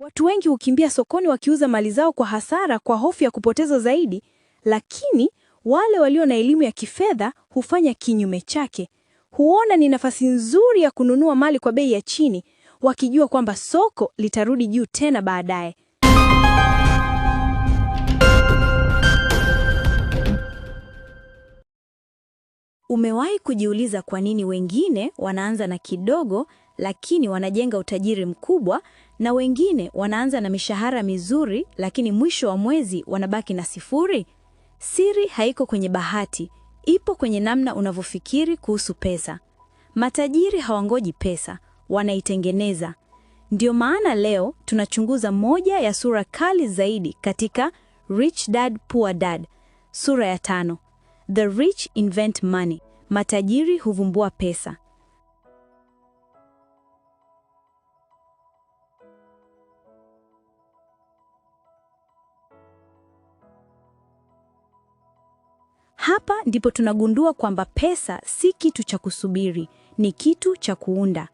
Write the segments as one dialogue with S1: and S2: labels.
S1: Watu wengi hukimbia sokoni wakiuza mali zao kwa hasara kwa hofu ya kupoteza zaidi, lakini wale walio na elimu ya kifedha hufanya kinyume chake. Huona ni nafasi nzuri ya kununua mali kwa bei ya chini, wakijua kwamba soko litarudi juu tena baadaye.
S2: Umewahi kujiuliza kwa nini wengine wanaanza na kidogo lakini wanajenga utajiri mkubwa na wengine wanaanza na mishahara mizuri, lakini mwisho wa mwezi wanabaki na sifuri. Siri haiko kwenye bahati, ipo kwenye namna unavyofikiri kuhusu pesa. Matajiri hawangoji pesa, wanaitengeneza. Ndio maana leo tunachunguza moja ya sura kali zaidi katika Rich Dad Poor Dad, sura ya tano. The rich invent money, matajiri huvumbua pesa. Hapa ndipo tunagundua kwamba pesa si kitu cha kusubiri, ni kitu cha kuunda.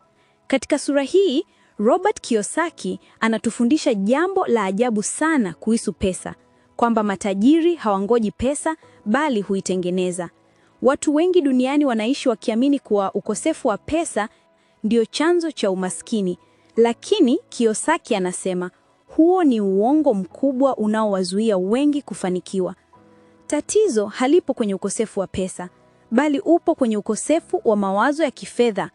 S2: Katika sura hii, Robert Kiyosaki anatufundisha jambo la ajabu sana kuhusu pesa, kwamba matajiri hawangoji pesa bali huitengeneza. Watu wengi duniani wanaishi wakiamini kuwa ukosefu wa pesa ndio chanzo cha umaskini, lakini Kiyosaki anasema huo ni uongo mkubwa unaowazuia wengi kufanikiwa. Tatizo halipo kwenye ukosefu wa pesa, bali upo kwenye ukosefu wa mawazo ya kifedha.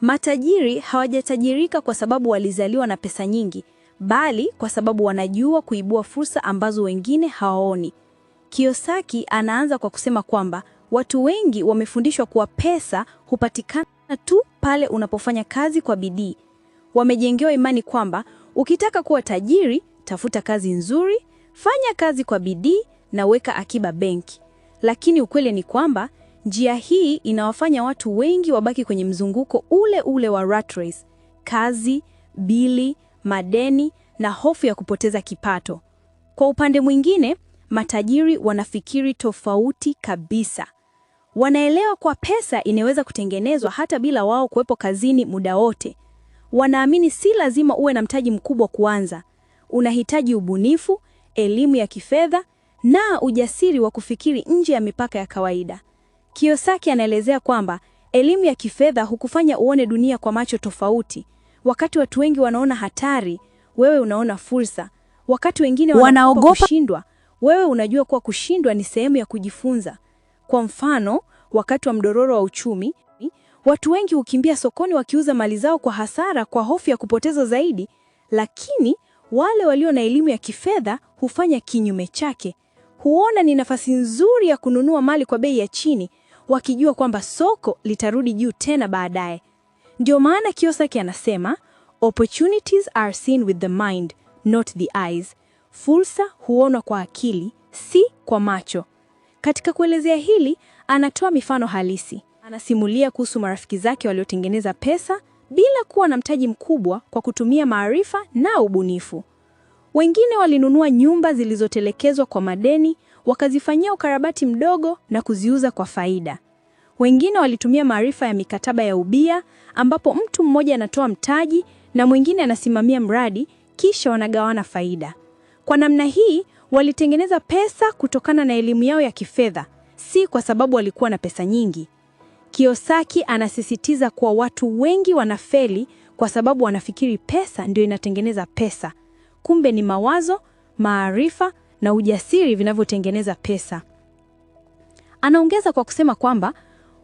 S2: Matajiri hawajatajirika kwa sababu walizaliwa na pesa nyingi, bali kwa sababu wanajua kuibua fursa ambazo wengine hawaoni. Kiyosaki anaanza kwa kusema kwamba watu wengi wamefundishwa kuwa pesa hupatikana tu pale unapofanya kazi kwa bidii. Wamejengewa imani kwamba ukitaka kuwa tajiri, tafuta kazi nzuri, fanya kazi kwa bidii na weka akiba benki. Lakini ukweli ni kwamba njia hii inawafanya watu wengi wabaki kwenye mzunguko ule ule wa rat race: kazi, bili, madeni na hofu ya kupoteza kipato. Kwa upande mwingine, matajiri wanafikiri tofauti kabisa. Wanaelewa kwa pesa inaweza kutengenezwa hata bila wao kuwepo kazini muda wote. Wanaamini si lazima uwe na mtaji mkubwa kuanza. Unahitaji ubunifu, elimu ya kifedha na ujasiri wa kufikiri nje ya mipaka ya kawaida. Kiyosaki anaelezea kwamba elimu ya kifedha hukufanya uone dunia kwa macho tofauti. Wakati watu wengi wanaona hatari, wewe unaona fursa. Wakati wengine wanaogopa kushindwa, wewe unajua kuwa kushindwa ni sehemu ya kujifunza. Kwa mfano, wakati wa mdororo wa uchumi, watu wengi hukimbia sokoni wakiuza mali zao kwa hasara kwa hofu ya kupoteza zaidi, lakini wale walio na elimu ya kifedha hufanya kinyume chake huona ni nafasi nzuri ya kununua mali kwa bei ya chini, wakijua kwamba soko litarudi juu tena baadaye. Ndio maana Kiyosaki anasema opportunities are seen with the mind not the eyes, fursa huonwa kwa akili si kwa macho. Katika kuelezea hili, anatoa mifano halisi. Anasimulia kuhusu marafiki zake waliotengeneza pesa bila kuwa na mtaji mkubwa kwa kutumia maarifa na ubunifu. Wengine walinunua nyumba zilizotelekezwa kwa madeni, wakazifanyia ukarabati mdogo na kuziuza kwa faida. Wengine walitumia maarifa ya mikataba ya ubia, ambapo mtu mmoja anatoa mtaji na mwingine anasimamia mradi, kisha wanagawana faida. Kwa namna hii, walitengeneza pesa kutokana na elimu yao ya kifedha, si kwa sababu walikuwa na pesa nyingi. Kiyosaki anasisitiza kuwa watu wengi wanafeli kwa sababu wanafikiri pesa ndio inatengeneza pesa kumbe ni mawazo, maarifa na ujasiri vinavyotengeneza pesa. Anaongeza kwa kusema kwamba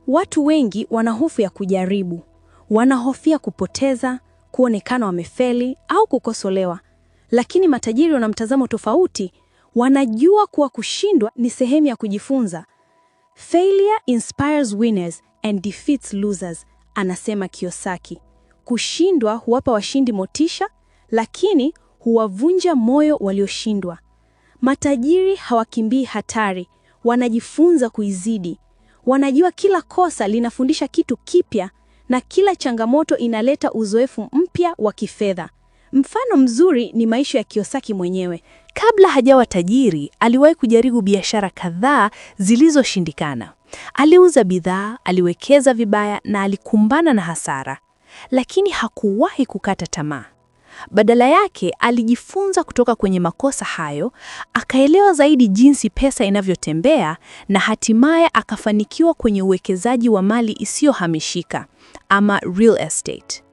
S2: watu wengi wana hofu ya kujaribu, wanahofia kupoteza, kuonekana wamefeli au kukosolewa, lakini matajiri wana mtazamo tofauti. Wanajua kuwa kushindwa ni sehemu ya kujifunza. Failure inspires winners and defeats losers, anasema Kiyosaki. Kushindwa huwapa washindi motisha, lakini huwavunja moyo walioshindwa. Matajiri hawakimbii hatari, wanajifunza kuizidi. Wanajua kila kosa linafundisha kitu kipya na kila changamoto inaleta uzoefu mpya wa kifedha. Mfano mzuri ni maisha ya Kiyosaki mwenyewe. Kabla hajawa tajiri, aliwahi kujaribu biashara kadhaa zilizoshindikana. Aliuza bidhaa, aliwekeza vibaya na alikumbana na hasara, lakini hakuwahi kukata tamaa. Badala yake alijifunza kutoka kwenye makosa hayo, akaelewa zaidi jinsi pesa inavyotembea na hatimaye akafanikiwa kwenye uwekezaji wa mali isiyohamishika ama real estate.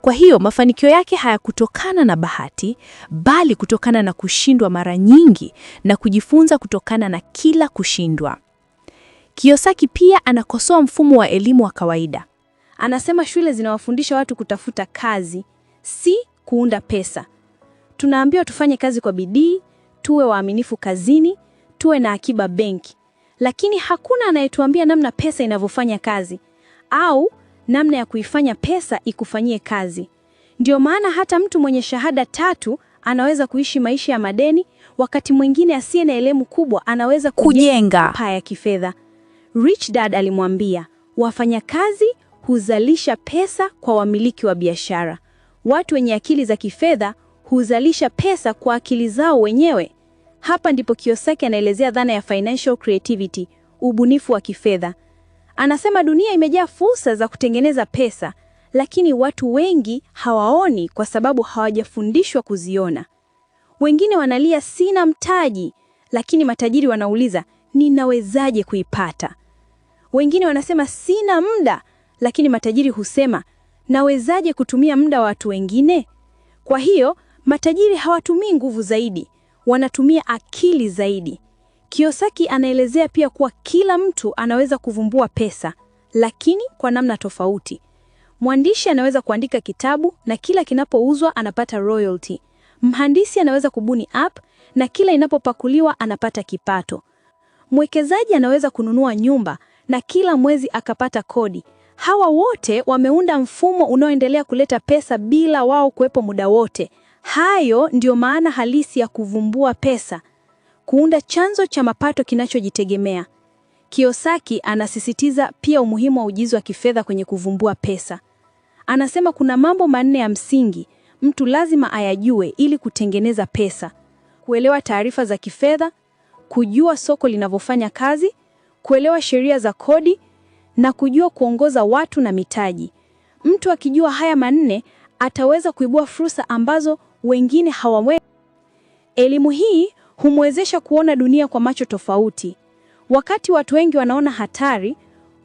S2: Kwa hiyo mafanikio yake hayakutokana na bahati, bali kutokana na kushindwa mara nyingi na kujifunza kutokana na kila kushindwa. Kiyosaki pia anakosoa mfumo wa elimu wa kawaida. Anasema shule zinawafundisha watu kutafuta kazi, si kuunda pesa. Tunaambiwa tufanye kazi kwa bidii, tuwe waaminifu kazini, tuwe na akiba benki, lakini hakuna anayetuambia namna pesa inavyofanya kazi au namna ya kuifanya pesa ikufanyie kazi. ndio maana hata mtu mwenye shahada tatu anaweza kuishi maisha ya madeni, wakati mwingine asiye na elimu kubwa anaweza
S3: kujenga
S2: paa ya kifedha. Rich Dad alimwambia, wafanyakazi huzalisha pesa kwa wamiliki wa biashara. Watu wenye akili za kifedha huzalisha pesa kwa akili zao wenyewe. Hapa ndipo Kiyosaki anaelezea dhana ya financial creativity, ubunifu wa kifedha. Anasema dunia imejaa fursa za kutengeneza pesa, lakini watu wengi hawaoni kwa sababu hawajafundishwa kuziona. Wengine wanalia sina mtaji, lakini matajiri wanauliza ninawezaje kuipata? Wengine wanasema sina muda, lakini matajiri husema nawezaje kutumia muda wa watu wengine? Kwa hiyo matajiri hawatumii nguvu zaidi, wanatumia akili zaidi. Kiyosaki anaelezea pia kuwa kila mtu anaweza kuvumbua pesa, lakini kwa namna tofauti. Mwandishi anaweza kuandika kitabu na kila kinapouzwa anapata royalty. Mhandisi anaweza kubuni app na kila inapopakuliwa anapata kipato. Mwekezaji anaweza kununua nyumba na kila mwezi akapata kodi. Hawa wote wameunda mfumo unaoendelea kuleta pesa bila wao kuwepo muda wote. Hayo ndiyo maana halisi ya kuvumbua pesa, kuunda chanzo cha mapato kinachojitegemea. Kiyosaki anasisitiza pia umuhimu wa ujuzi wa kifedha kwenye kuvumbua pesa. Anasema kuna mambo manne ya msingi mtu lazima ayajue ili kutengeneza pesa: kuelewa taarifa za kifedha, kujua soko linavyofanya kazi, kuelewa sheria za kodi na kujua kuongoza watu na mitaji. Mtu akijua haya manne ataweza kuibua fursa ambazo wengine hawawezi. Elimu hii humwezesha kuona dunia kwa macho tofauti. Wakati watu wengi wanaona hatari,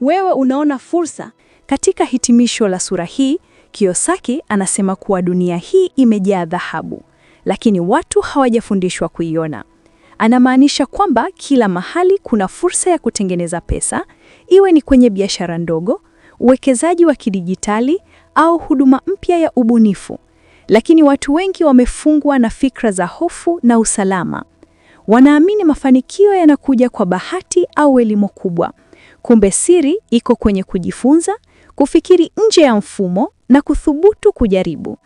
S2: wewe unaona fursa. Katika hitimisho la sura hii, Kiyosaki anasema kuwa dunia hii imejaa dhahabu, lakini watu hawajafundishwa kuiona. Anamaanisha kwamba kila mahali kuna fursa ya kutengeneza pesa, iwe ni kwenye biashara ndogo, uwekezaji wa kidijitali au huduma mpya ya ubunifu. Lakini watu wengi wamefungwa na fikra za hofu na usalama. Wanaamini mafanikio yanakuja kwa bahati au elimu kubwa. Kumbe siri iko kwenye kujifunza, kufikiri nje ya mfumo na kuthubutu kujaribu.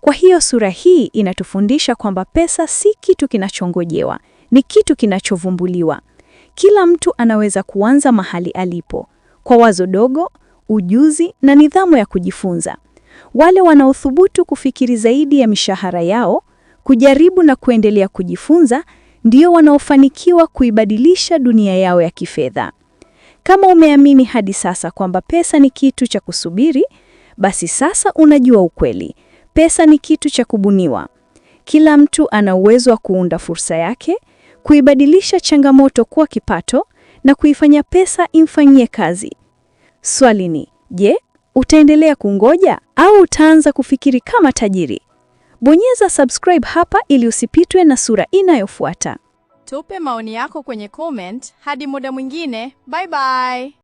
S2: Kwa hiyo sura hii inatufundisha kwamba pesa si kitu kinachongojewa, ni kitu kinachovumbuliwa. Kila mtu anaweza kuanza mahali alipo, kwa wazo dogo, ujuzi na nidhamu ya kujifunza. Wale wanaothubutu kufikiri zaidi ya mishahara yao, kujaribu na kuendelea kujifunza, ndio wanaofanikiwa kuibadilisha dunia yao ya kifedha. Kama umeamini hadi sasa kwamba pesa ni kitu cha kusubiri, basi sasa unajua ukweli. Pesa ni kitu cha kubuniwa. Kila mtu ana uwezo wa kuunda fursa yake kuibadilisha changamoto kuwa kipato na kuifanya pesa imfanyie kazi. Swali ni je, utaendelea kungoja au utaanza kufikiri kama tajiri? Bonyeza subscribe hapa ili usipitwe na sura inayofuata.
S4: Tupe maoni yako kwenye comment. Hadi muda mwingine, bye bye.